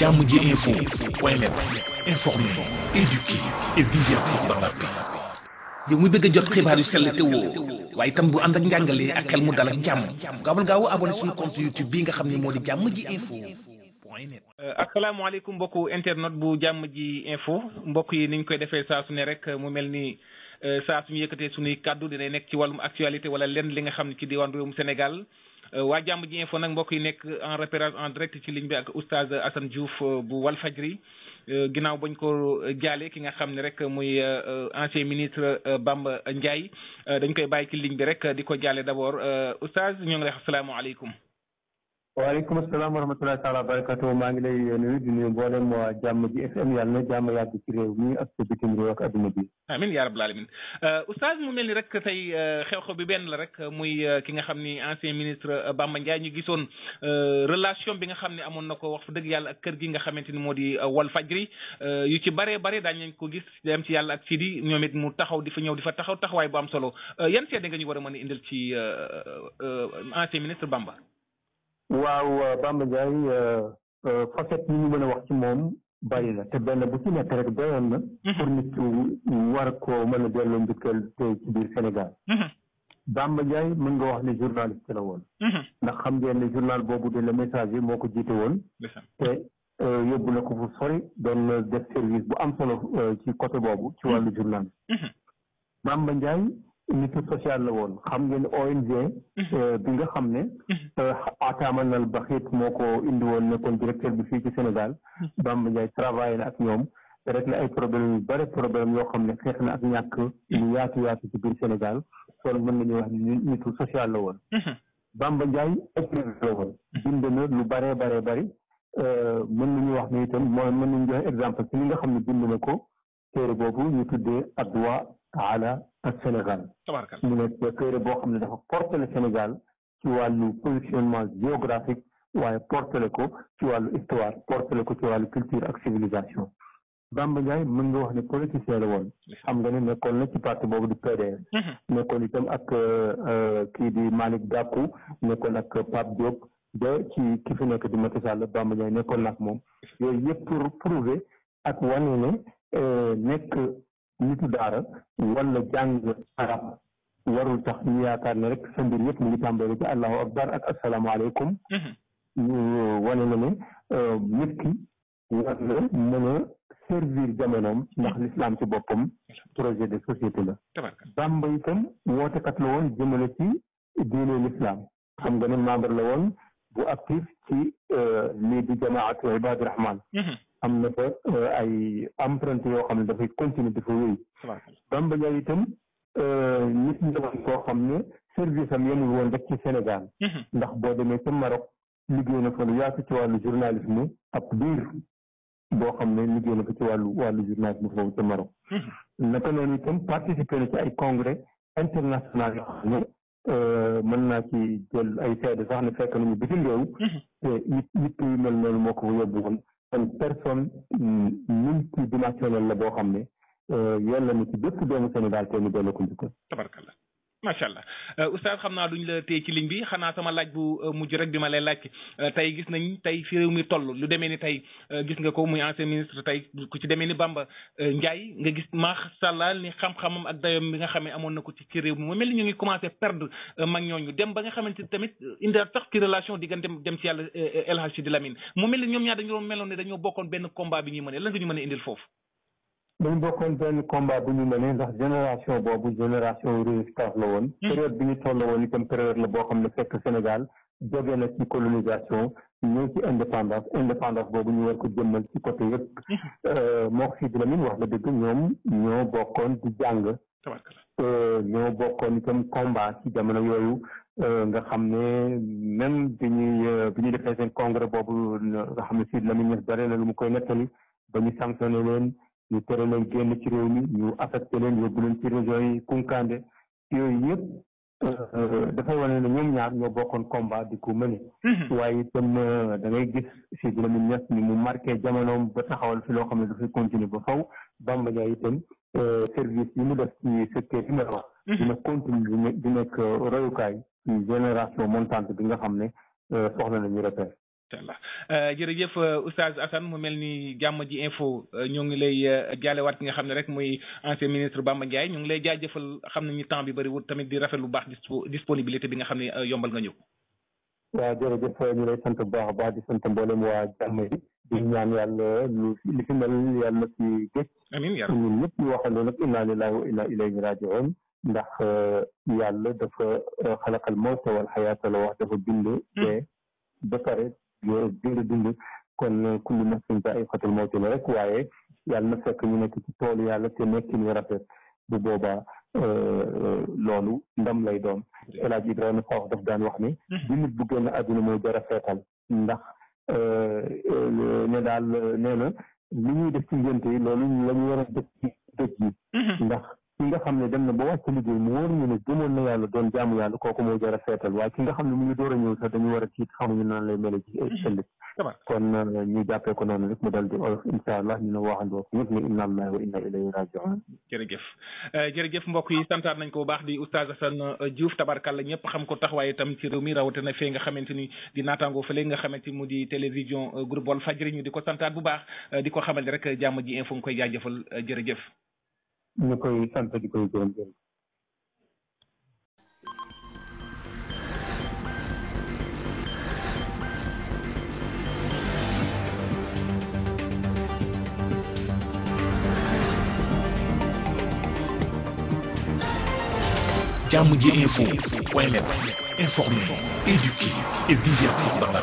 jàmm ji info waaye nag informer, éduquer yow mi bëgg a jot xibaar yu sell te woo waaye itam bu ànd ak njàngalee ak xel mu dal ak jàmm gaawal gaaw abonné suñu compte YouTube bii nga xam ne moo di jàmm ji info. Euh, asalaamaaleykum mbokku internet bu jàmm ji info mbokk yi niñ koy defee saa su ne rek mu mel ni euh, saa suñu yëkkatee suñuy kàddu dinay nekk ci wàllum actualité wala lenn li nga xam ne ci diwaan réewum Sénégal. Euh, waa jàmb ji info nag mbokk yi nekk en repérage en direct ci ligne bi ak oustaz Assane Diouf euh, bu Walfajri euh, ginnaaw bañ ko jaale ki nga xam ne rek muy ancien ministre Bamba Ndiaye dañ koy bàyyi ci ligne bi rek di ko jaale d'abord oustaz ñoo ngi lay wax asalaamaaleykum waaleykum salaam wa rahmatulah taala barakatu maa ngi lay nuyu di nuyu mboolem waa jàmm ji FM yàlla na jàmm yàgg ci réew mi ak ci bitim réew ak adduna bi. amin yaa rabbal alamin euh, oustaz mu mel ni rek tey euh, xew-xew bi benn la rek euh, muy ki nga xam ni ancien ministre Bamba Ndiaye ñu gisoon relation bi nga xam ne amoon na ko wax dëgg yàlla ak kër gi nga xamante ni moo di wal fajri yu ci baree bare daañu leen ko gis dem yàlla ak Sidi ñoom it mu taxaw di fa ñëw di taxaw taxawaay bu am solo yan ñu war a mën a ci ancien ministre Bamba. waaw Bamba Ndiaye euh, euh, facette yi ñu mën a wax ci moom bari na te benn bu ci nekk rek doyoon na. Mhm. pour nit war koo mën a delloo njukkal tey ci biir Sénégal. Mhm. Bamba Ndiaye mën nga wax ne journaliste la woon. Mhm. ndax xam ngeen ne journal boobu de le messager moo ko jiite woon. te euh, yóbbu na ko fu sori doon def service bu am solo ci côté boobu ci wàllu journal. Bamba nitu social la woon xam ngeen ONG. Mhm. Euh, bi nga xam ne. Mhm. Euh, ataamanal baxit moo ko indi woon nekkoon directeur bi fii ci Sénégal. Mhm. Bamba Ndiaye travaillé na ak ñoom rek na ay problème yu bari problème yoo xam ne xeex na ak ñàkk ñu yaatu yaatu ci biir Sénégal kon mën nañu wax ni nitu social la woon. Bamba Ndiaye écrivain la woon. bind na lu baree baree bari euh, mën nañu wax ne itam mooy mën nañu joxe exemple ci li nga xam ne bind na ko téere boobu ñu tuddee Adwa. ala ak Sénégal. mu nekk téere boo xam ne dafa portale Sénégal ci wàllu positionnement géographique waaye portale ko ci wàllu histoire portale ko ci wàllu culture ak civilisation. Bamba Ndiaye mën nga wax ne politicien la woon xam nga ne nekkoon na ci parti boobu du PDS mm-hmm. nekkoon itam ak euh, euh, kii di Malick Gakou nekkoon ak Pape Diop ba ci ki fi nekk di Macky Sall Bamba Ndiaye nekkoon na ak moom yooyu yëpp pour prouver ak wane ne euh, nekk nitu daara wala jàng arab warul tax ñu yaakaar ne rek sa mbir yëpp mu ngi tàmbali ci allahu akbar ak asalaamaaleykum mm-hmm. wane na ne euh, nit ki war na mën a servir jamonoom ndax l'islam ci boppam projet de société la bàmba itam wootekat la woon jëmale ci diine l'islam xam nga ne membre la woon bu actif ci euh, lii di jamaatu ibadu rahman mm-hmm. am na fa euh, ay empreintes yoo xam ne dafay continuer dafa wéy. Bamba Ndiaye itam euh, nit ñi koo xam ne service am yemul woon rek ci Sénégal. Mm-hmm. ndax boo demee ca Maroc liggéey na fa lu ci wàllu journalisme ab biir boo xam ne liggéey na fa ci wàllu wàllu journalisme foofu ca Maroc. Mm-hmm. naka noonu itam participer na ci ay congrès international yoo xam ne. Euh, mën naa ci jël ay seede sax ne fekk nañu bitim réew. Mm-hmm. te nit nit yu mel noonu moo ko yóbbu woon. kon personne mm, multidimensionnelle la boo xam ne yoon la ni ci bépp doomu Sénégal te ñu delloo ko macha allah euh, oustaz xam naa duñ la téye ci ligne bi xanaa sama laaj bu euh, mujj rek bi ma lay laaj euh, tey gis nañ tey fi réew mi toll lu demee ni tey gis nga ko muy ancien ministre tey ku ci demee ni Bamba Ndiaye nga gis macha allah ni xam-xamam ak dayoom bi nga xamee amoon na ko ci ci réew mi mu mel ni ñu ngi commencé perdre xamante tamit indi tax ci relation diggante dem ci yàlla El Hadj Sidi Lamine mu mel ni ñoom ñaar dañoo meloon ne dañoo bokkoon benn combat bi ñuy mënee lan nga ñu mën a indil foofu. dañ bokkoon benn combat bu ñu mënee ndax génération boobu génération résistance la woon hmm. période bi ñu toll woon itam période la boo xam ne fekk Sénégal jóge na ci colonisation ñëw ci indépendance indépendance boobu ñu war ko jëmmal ci côté yëpp hmm. euh, moo ko Sidi Lamine wax na dëgg ñoom ñoo bokkoon di jàng euh, ñoo bokkoon itam combat ci jamono yooyu euh, nga xam ne même bi ñuy bi ñu defee seen congrès boobu nga xam ne Sidi Lamine ñes bare na lu mu koy nettali ba ñu ñu tere leen génn ci réew mi ñu affecté leen yóbbu leen ci région yi kunkande yooyu yëpp mm-hmm. euh, dafay wane ne ñoom ñaar ñoo bokkoon combat di ko mëne mm-hmm. waaye itam euh, da ngay gis si mu Niass ni mu marqué jamonoom ba taxawal fi loo xam ne dafay continuer ba faw Bamba Ndiaye itam euh, service yi mu def ci secteur yi ma wax mm-hmm. dina continuer di nekk royukaay génération montante bi nga xam ne soxla nañu repère incha euh, jërëjëf euh, oustaz Assane mu mel ni jàmm ji info euh, ñoo ngi lay jaalewaat ki nga xam ne rek muy ancien ministre Bamba Ndiaye ñoo ngi lay jaajëfal xam nañu temps bi bëriwul tamit di rafet lu baax disponibilité bi nga xam ne yombal nga ñëw. waaw jërëjëf ñu lay sant baax a baax di sant mboolem waa jàmm yi di ñaan yàlla lu li fi mel yàlla na ci géej. amiin yaa rabbi ñun ñëpp wa inna ilayhi raji'un ndax yàlla dafa xalaqal mawta wal xayaata wax dafa bind. Hmm. te ba pare war a dund dund kon kullu nafsin zaa'iqatul mawti la rek waaye yàlla na fekk ñu nekk ci toolu yàlla te nekkin rafet bu boobaa euh, euh, loolu ndam lay doon El Hadj Ibrahima Faw daf daan wax ni du mhm. nit bu génn àdduna moo jar a feetal ndax euh, ne daal nee na li ñuy def ci ngénte yi loolu la ñu def ci dëj yi mhm. ndax ki nga xam ne dem na ba wàcc liggéey mu wóor ñu ne gëmoon na yàlla doon jaamu yàlla kooku moo jar a seetal waaye ki nga xam ne mu ngi door a ñëw sax dañu war a tiit xamuñu naan lay mel ci mm-hmm. ëllëg kon euh, ñu jàppee ko noonu rek mu dal di olof insha allah ñu ne waxandoo ñëpp ne inna allahi wa inna ilayhi rajiun euh, jërëjëf mbokk yi santaat nañ ko bu baax di oustaz Assane euh, Diouf la ñëpp xam ko taxawaay itam ci réew mi na fee nga xamante ni di naataango fële nga xamante mu di télévision groupe Walfadjri ñu di ko santaat bu baax di ko xamal rek jàmm ji info nga koy jaajëfal jërëjëf ñu koy sant di koy gërëm jërëjëf ji info point net informer, et divertir dans la